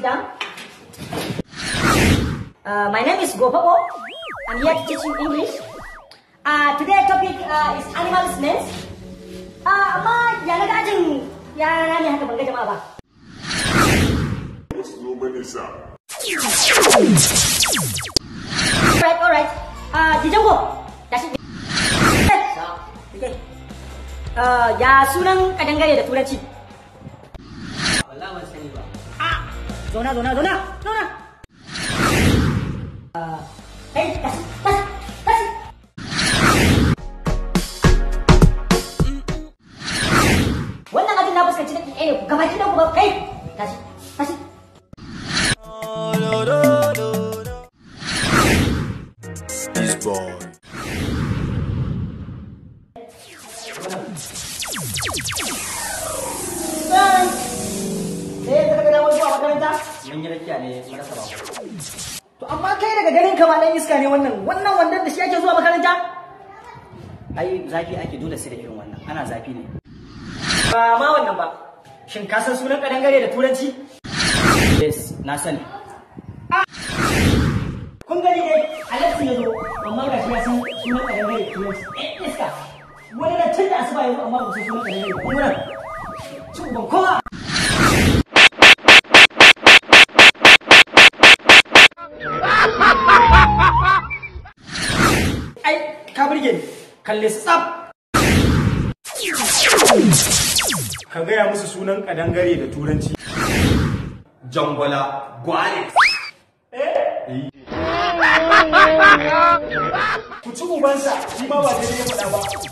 sit down. Uh, my name is Gopapo. I'm here to teach you English. Uh, today's topic uh, is animal smells. Uh, yana yana banga jama'a ba. Alright, alright. Uh, Uh, ya sunan kadangare da turanci. Wallahi ban sani ba. 노나 노나 노나 노나 아, 에이, 다시 다시 다시 wannan abin na fuskanci da ɗaya ne gaba ɗaya kuma kai tashi tashi This boy. Oh. mun yi rakiya ne marasa ba to amma kai daga ganin ka ma iska ne wannan wannan wandan da shi yake zuwa makaranta ai zafi ake dole sai da irin wannan ana zafi ne ba ma wannan ba shin ka san sunan kadangare da turanci yes na sani ah! kun gani dai alexi ya zo amma ga shi ya san sunan kadangare da turanci eh iska wani na tun da asuba ya amma ba su sunan kadangare da turanci ban kowa kalle su tsaf ka gaya musu sunan kadangare da turanci jangwala gwale eh. ku ci ubansa shi ma ba daidai ya faɗa ba